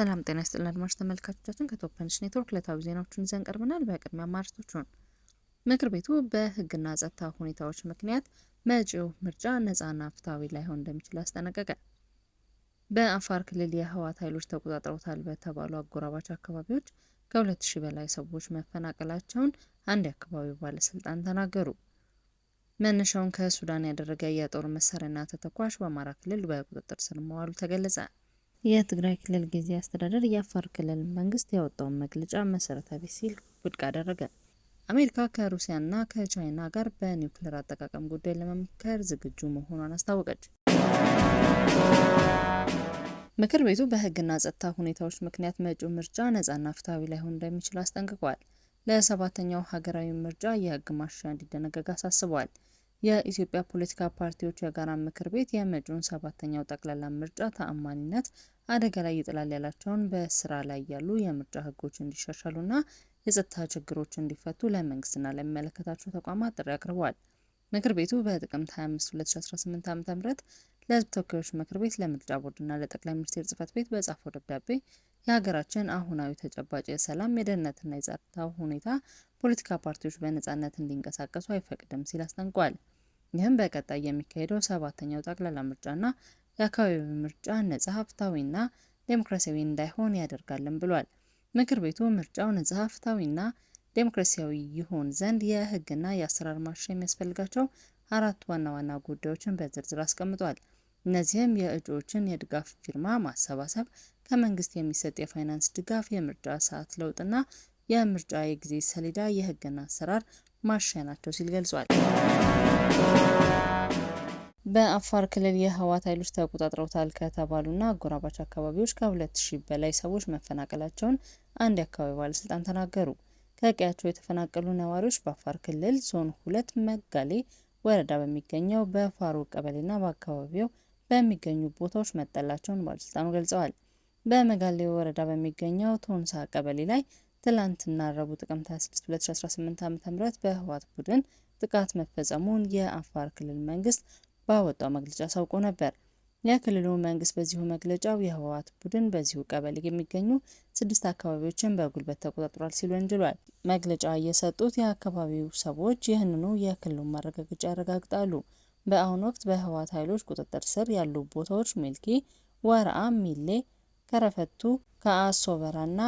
ሰላም ጤና ይስጥልን አድማጭ ተመልካቾቻችን ከቶፕንሽ ኔትወርክ ዕለታዊ ዜናዎችን ይዘን ቀርበናል። በቅድሚያ አርዕስቶቹን፣ ምክር ቤቱ በህግና ጸጥታ ሁኔታዎች ምክንያት መጪው ምርጫ ነጻና ፍትሐዊ ላይሆን እንደሚችል አስጠነቀቀ። በአፋር ክልል የህወሓት ኃይሎች ተቆጣጥረውታል በተባሉ አጎራባች አካባቢዎች ከ2000 በላይ ሰዎች መፈናቀላቸውን አንድ የአካባቢው ባለስልጣን ተናገሩ። መነሻውን ከሱዳን ያደረገ የጦር መሳሪያና ተተኳሽ በአማራ ክልል በቁጥጥር ስር መዋሉ ተገለጸ። የትግራይ ክልል ጊዜ አስተዳደር የአፋር ክልል መንግስት ያወጣውን መግለጫ መሰረተ ቢስ ሲል ውድቅ አደረገ። አሜሪካ ከሩሲያና ከቻይና ጋር በኒውክሌር አጠቃቀም ጉዳይ ለመምከር ዝግጁ መሆኗን አስታወቀች። ምክር ቤቱ በህግና ጸጥታ ሁኔታዎች ምክንያት መጪው ምርጫ ነጻና ፍትሐዊ ላይሆን እንደሚችል አስጠንቅቋል። ለሰባተኛው ሀገራዊ ምርጫ የህግ ማሻሻያ እንዲደነገግ አሳስቧል። የኢትዮጵያ ፖለቲካ ፓርቲዎች የጋራ ምክር ቤት የመጪውን ሰባተኛው ጠቅላላ ምርጫ ተአማኒነት አደጋ ላይ ይጥላል ያላቸውን በስራ ላይ ያሉ የምርጫ ህጎች እንዲሻሻሉና የጸጥታ ችግሮች እንዲፈቱ ለመንግስትና ለሚመለከታቸው ተቋማት ጥሪ አቅርበዋል። ምክር ቤቱ በጥቅምት 25 2018 ዓ.ም ለህዝብ ተወካዮች ምክር ቤት ለምርጫ ቦርድና ለጠቅላይ ሚኒስትር ጽህፈት ቤት በጻፈው ደብዳቤ የሀገራችን አሁናዊ ተጨባጭ የሰላም የደህንነትና የጸጥታ ሁኔታ ፖለቲካ ፓርቲዎች በነጻነት እንዲንቀሳቀሱ አይፈቅድም ሲል አስጠንቋል። ይህም በቀጣይ የሚካሄደው ሰባተኛው ጠቅላላ ምርጫና የአካባቢ ምርጫ ነጻ፣ ፍትሐዊና ዴሞክራሲያዊ እንዳይሆን ያደርጋልን ብሏል። ምክር ቤቱ ምርጫው ነጻ፣ ፍትሐዊና ዴሞክራሲያዊ ይሆን ዘንድ የህግና የአሰራር ማሻሻያ የሚያስፈልጋቸው አራት ዋና ዋና ጉዳዮችን በዝርዝር አስቀምጧል። እነዚህም የእጩዎችን የድጋፍ ፊርማ ማሰባሰብ፣ ከመንግስት የሚሰጥ የፋይናንስ ድጋፍ፣ የምርጫ ሰዓት ለውጥና የምርጫ የጊዜ ሰሌዳ፣ የህግና አሰራር ማሻ ናቸው ሲል ገልጿል። በአፋር ክልል የህወሓት ኃይሎች ተቆጣጥረውታል ከተባሉና አጎራባች አካባቢዎች ከሁለት ሺህ በላይ ሰዎች መፈናቀላቸውን አንድ የአካባቢ ባለስልጣን ተናገሩ። ከቀያቸው የተፈናቀሉ ነዋሪዎች በአፋር ክልል ዞን ሁለት መጋሌ ወረዳ በሚገኘው በፋሮ ቀበሌና በአካባቢው በሚገኙ ቦታዎች መጠላቸውን ባለስልጣኑ ገልጸዋል። በመጋሌ ወረዳ በሚገኘው ቶንሳ ቀበሌ ላይ ትላንትና ረቡዕ ጥቅምት 26 2018 ዓ ም በህወሓት ቡድን ጥቃት መፈጸሙን የአፋር ክልል መንግስት ባወጣው መግለጫ አሳውቆ ነበር። የክልሉ መንግስት በዚሁ መግለጫው የህወሓት ቡድን በዚሁ ቀበሌ የሚገኙ ስድስት አካባቢዎችን በጉልበት ተቆጣጥሯል ሲል ወንጅሏል። መግለጫ የሰጡት የአካባቢው ሰዎች ይህንኑ የክልሉ ማረጋገጫ ያረጋግጣሉ። በአሁኑ ወቅት በህወሓት ኃይሎች ቁጥጥር ስር ያሉ ቦታዎች ሜልኪ፣ ወረአ፣ ሚሌ ከረፈቱ፣ ከአሶበራ እና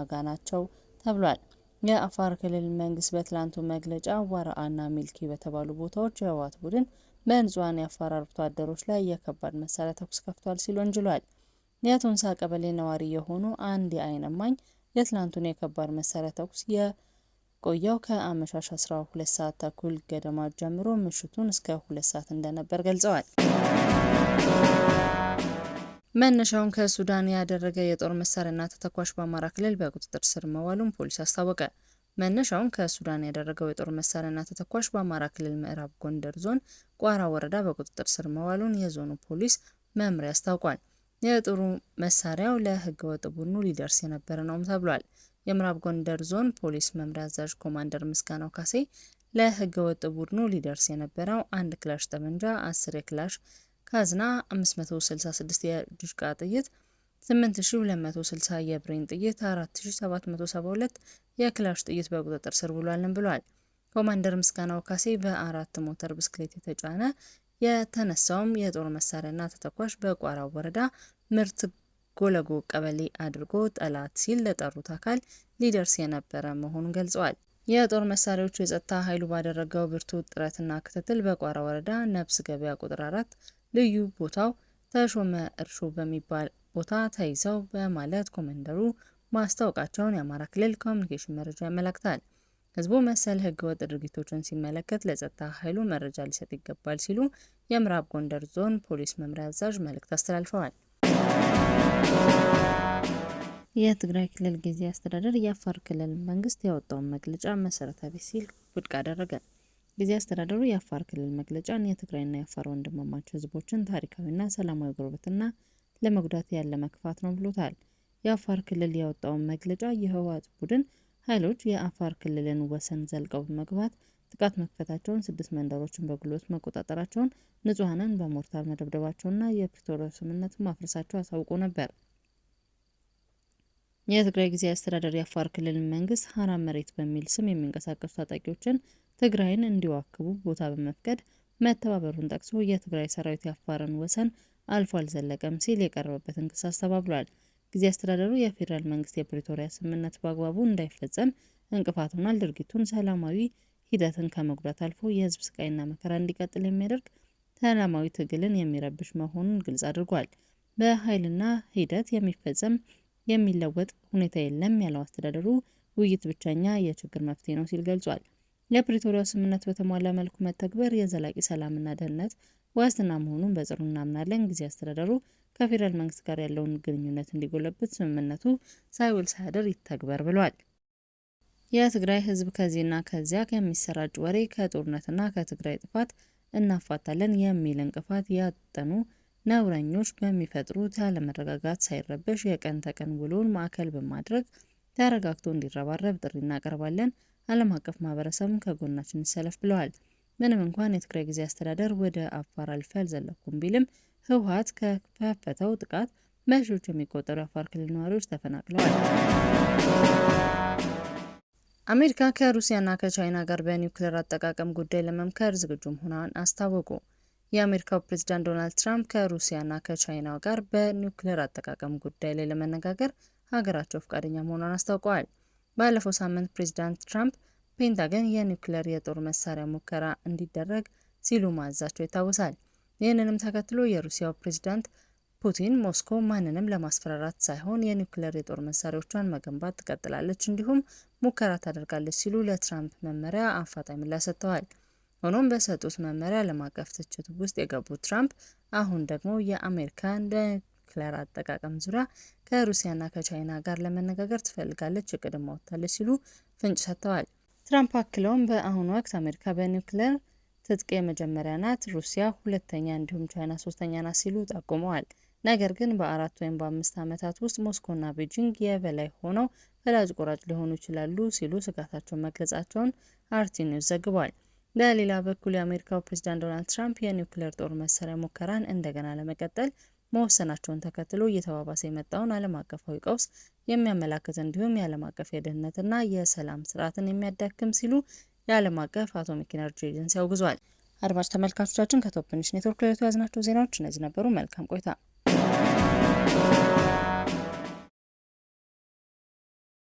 አጋ ናቸው ተብሏል። የአፋር ክልል መንግስት በትላንቱ መግለጫ ዋራአ ሚልኪ በተባሉ ቦታዎች የህወሓት ቡድን በንጹሐን የአፋር አርብቶ አደሮች ላይ የከባድ መሳሪያ ተኩስ ከፍቷል ሲል ወንጅሏል። የቱንሳ ቀበሌ ነዋሪ የሆኑ አንድ የዓይን እማኝ የትላንቱን የከባድ መሳሪያ ተኩስ የቆየው ከአመሻሽ 12 ሰዓት ተኩል ገደማ ጀምሮ ምሽቱን እስከ ሁለት ሰዓት እንደነበር ገልጸዋል። መነሻውን ከሱዳን ያደረገ የጦር መሳሪያና ተተኳሽ በአማራ ክልል በቁጥጥር ስር መዋሉን ፖሊስ አስታወቀ። መነሻውን ከሱዳን ያደረገው የጦር መሳሪያና ተተኳሽ በአማራ ክልል ምዕራብ ጎንደር ዞን ቋራ ወረዳ በቁጥጥር ስር መዋሉን የዞኑ ፖሊስ መምሪያ አስታውቋል። የጦሩ መሳሪያው ለህገወጥ ቡድኑ ሊደርስ የነበረ ነውም ተብሏል። የምዕራብ ጎንደር ዞን ፖሊስ መምሪያ አዛዥ ኮማንደር ምስጋናው ካሴ ለህገወጥ ቡድኑ ሊደርስ የነበረው አንድ ክላሽ ጠመንጃ፣ አስር የክላሽ ካዝና 566 የዲሽቃ ጥይት 8260 የብሬን ጥይት 4772 የክላሽ ጥይት በቁጥጥር ስር ውሏልን ብሏል። ኮማንደር ምስጋናው ካሴ በአራት ሞተር ብስክሌት የተጫነ የተነሳውም የጦር መሳሪያና ተተኳሽ በቋራ ወረዳ ምርት ጎለጎ ቀበሌ አድርጎ ጠላት ሲል ለጠሩት አካል ሊደርስ የነበረ መሆኑን ገልጸዋል። የጦር መሳሪያዎቹ የጸጥታ ኃይሉ ባደረገው ብርቱ ጥረትና ክትትል በቋራ ወረዳ ነብስ ገበያ ቁጥር 4 ልዩ ቦታው ተሾመ እርሾ በሚባል ቦታ ተይዘው በማለት ኮመንደሩ ማስታወቃቸውን የአማራ ክልል ኮሚኒኬሽን መረጃ ያመላክታል። ህዝቡ መሰል ህገወጥ ድርጊቶችን ሲመለከት ለጸጥታ ኃይሉ መረጃ ሊሰጥ ይገባል ሲሉ የምዕራብ ጎንደር ዞን ፖሊስ መምሪያ አዛዥ መልእክት አስተላልፈዋል። የትግራይ ክልል ጊዜያዊ አስተዳደር የአፋር ክልል መንግስት ያወጣውን መግለጫ መሰረተ ቢስ ሲል ውድቅ አደረገ። ጊዜ አስተዳደሩ የአፋር ክልል መግለጫን የትግራይና የአፋር ወንድማማች ህዝቦችን ታሪካዊና ሰላማዊ ጉርብትና ለመጉዳት ያለ መክፋት ነው ብሎታል። የአፋር ክልል ያወጣውን መግለጫ የህወሓት ቡድን ኃይሎች የአፋር ክልልን ወሰን ዘልቀው በመግባት ጥቃት መክፈታቸውን፣ ስድስት መንደሮችን በጉልበት መቆጣጠራቸውን፣ ንጹሐንን በሞርታር መደብደባቸውና የፕሪቶሪያው ስምምነት ማፍረሳቸው አሳውቆ ነበር። የትግራይ ጊዜ አስተዳደር የአፋር ክልል መንግስት ሀራ መሬት በሚል ስም የሚንቀሳቀሱ ታጣቂዎችን ትግራይን እንዲዋክቡ ቦታ በመፍቀድ መተባበሩን ጠቅሶ የትግራይ ሰራዊት የአፋርን ወሰን አልፎ አልዘለቀም ሲል የቀረበበትን ክስ አስተባብሏል። ጊዜ አስተዳደሩ የፌዴራል መንግስት የፕሪቶሪያ ስምምነት በአግባቡ እንዳይፈጸም እንቅፋት ሆኗል፣ ድርጊቱን ሰላማዊ ሂደትን ከመጉዳት አልፎ የህዝብ ስቃይና መከራ እንዲቀጥል የሚያደርግ ሰላማዊ ትግልን የሚረብሽ መሆኑን ግልጽ አድርጓል። በኃይልና ሂደት የሚፈጸም የሚለወጥ ሁኔታ የለም ያለው አስተዳደሩ ውይይት ብቸኛ የችግር መፍትሄ ነው ሲል ገልጿል። የፕሪቶሪያው ስምምነት በተሟላ መልኩ መተግበር የዘላቂ ሰላምና ደህንነት ዋስትና መሆኑን በጽኑ እናምናለን። ጊዜ አስተዳደሩ ከፌዴራል መንግስት ጋር ያለውን ግንኙነት እንዲጎለብት ስምምነቱ ሳይውል ሳያደር ይተግበር ብሏል። የትግራይ ህዝብ ከዚህና ከዚያ ከሚሰራጭ ወሬ ከጦርነትና ከትግራይ ጥፋት እናፋታለን የሚል እንቅፋት ያጠኑ ነውረኞች በሚፈጥሩት ያለመረጋጋት ሳይረበሽ የቀን ተቀን ውሎን ማዕከል በማድረግ ተረጋግቶ እንዲረባረብ ጥሪ እናቀርባለን። ዓለም አቀፍ ማህበረሰብም ከጎናችን ይሰለፍ ብለዋል። ምንም እንኳን የትግራይ ጊዜ አስተዳደር ወደ አፋር አልፌ አልዘለኩም ቢልም ህወሓት ከከፈተው ጥቃት በሺዎች የሚቆጠሩ የአፋር ክልል ነዋሪዎች ተፈናቅለዋል። አሜሪካ ከሩሲያና ከቻይና ጋር በኒውክሌር አጠቃቀም ጉዳይ ለመምከር ዝግጁ መሆኗን አስታወቁ። የአሜሪካው ፕሬዝዳንት ዶናልድ ትራምፕ ከሩሲያና ከቻይናው ጋር በኒውክሌር አጠቃቀም ጉዳይ ላይ ለመነጋገር ሀገራቸው ፈቃደኛ መሆኗን አስታውቀዋል። ባለፈው ሳምንት ፕሬዝዳንት ትራምፕ ፔንታገን የኒውክሌር የጦር መሳሪያ ሙከራ እንዲደረግ ሲሉ ማዘዛቸው ይታወሳል። ይህንንም ተከትሎ የሩሲያው ፕሬዝዳንት ፑቲን ሞስኮ ማንንም ለማስፈራራት ሳይሆን የኒውክሌር የጦር መሳሪያዎቿን መገንባት ትቀጥላለች፣ እንዲሁም ሙከራ ታደርጋለች ሲሉ ለትራምፕ መመሪያ አፋጣኝ ምላሽ ሰጥተዋል። ሆኖም በሰጡት መመሪያ ዓለም አቀፍ ትችት ውስጥ የገቡት ትራምፕ አሁን ደግሞ የአሜሪካን ኒውክሌር አጠቃቀም ዙሪያ ከሩሲያና ከቻይና ጋር ለመነጋገር ትፈልጋለች፣ እቅድም አውጥታለች ሲሉ ፍንጭ ሰጥተዋል። ትራምፕ አክለውም በአሁኑ ወቅት አሜሪካ በኒውክሌር ትጥቅ የመጀመሪያ ናት፣ ሩሲያ ሁለተኛ እንዲሁም ቻይና ሶስተኛ ናት ሲሉ ጠቁመዋል። ነገር ግን በአራት ወይም በአምስት ዓመታት ውስጥ ሞስኮና ቤጂንግ የበላይ ሆነው ፈላጭ ቆራጭ ሊሆኑ ይችላሉ ሲሉ ስጋታቸውን መግለጻቸውን አርቲ ኒውስ ዘግቧል። በሌላ በኩል የአሜሪካው ፕሬዚዳንት ዶናልድ ትራምፕ የኒውክሌር ጦር መሳሪያ ሙከራን እንደገና ለመቀጠል መወሰናቸውን ተከትሎ እየተባባሰ የመጣውን ዓለም አቀፋዊ ቀውስ የሚያመላክት እንዲሁም የዓለም አቀፍ የደህንነትና የሰላም ስርዓትን የሚያዳክም ሲሉ የዓለም አቀፍ አቶሚክ ኢነርጂ ኤጀንሲ አውግዟል። አድማጭ ተመልካቾቻችን ከቶፕንሽ ኔትወርክ ለዕለቱ ያዝናቸው ዜናዎች እነዚህ ነበሩ። መልካም ቆይታ